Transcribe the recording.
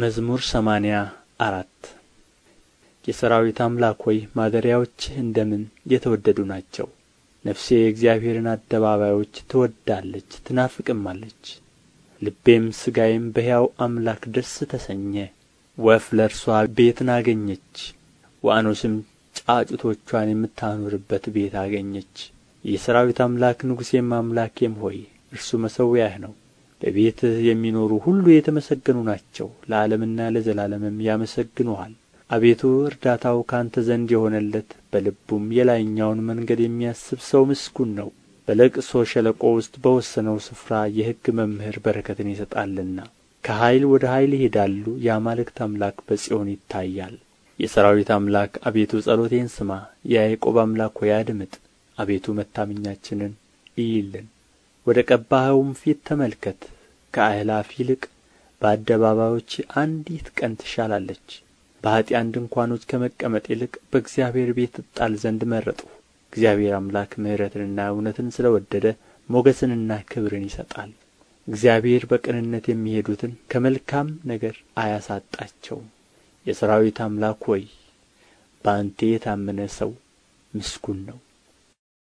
መዝሙር ሰማንያ አራት የሠራዊት አምላክ ሆይ ማደሪያዎችህ እንደ ምን የተወደዱ ናቸው ነፍሴ የእግዚአብሔርን አደባባዮች ትወዳለች ትናፍቅማለች ልቤም ሥጋዬም በሕያው አምላክ ደስ ተሰኘ ወፍ ለእርሷ ቤትን አገኘች ዋኖስም ጫጩቶቿን የምታኖርበት ቤት አገኘች የሠራዊት አምላክ ንጉሴም አምላኬም ሆይ እርሱ መሠዊያህ ነው በቤትህ የሚኖሩ ሁሉ የተመሰገኑ ናቸው ለዓለምና ለዘላለምም ያመሰግኑሃል አቤቱ እርዳታው ካንተ ዘንድ የሆነለት በልቡም የላይኛውን መንገድ የሚያስብ ሰው ምስጉን ነው በለቅሶ ሸለቆ ውስጥ በወሰነው ስፍራ የሕግ መምህር በረከትን ይሰጣልና ከኃይል ወደ ኃይል ይሄዳሉ የአማልክት አምላክ በጽዮን ይታያል የሠራዊት አምላክ አቤቱ ጸሎቴን ስማ የያዕቆብ አምላክ ሆይ አድምጥ አቤቱ መታመኛችንን እይልን ወደ ቀባኸውም ፊት ተመልከት ከአእላፍ ይልቅ በአደባባዮች አንዲት ቀን ትሻላለች በኃጥኣን ድንኳኖች ከመቀመጥ ይልቅ በእግዚአብሔር ቤት እጣል ዘንድ መረጡ። እግዚአብሔር አምላክ ምሕረትንና እውነትን ስለ ወደደ ሞገስንና ክብርን ይሰጣል እግዚአብሔር በቅንነት የሚሄዱትን ከመልካም ነገር አያሳጣቸውም የሠራዊት አምላክ ሆይ በአንተ የታመነ ሰው ምስጉን ነው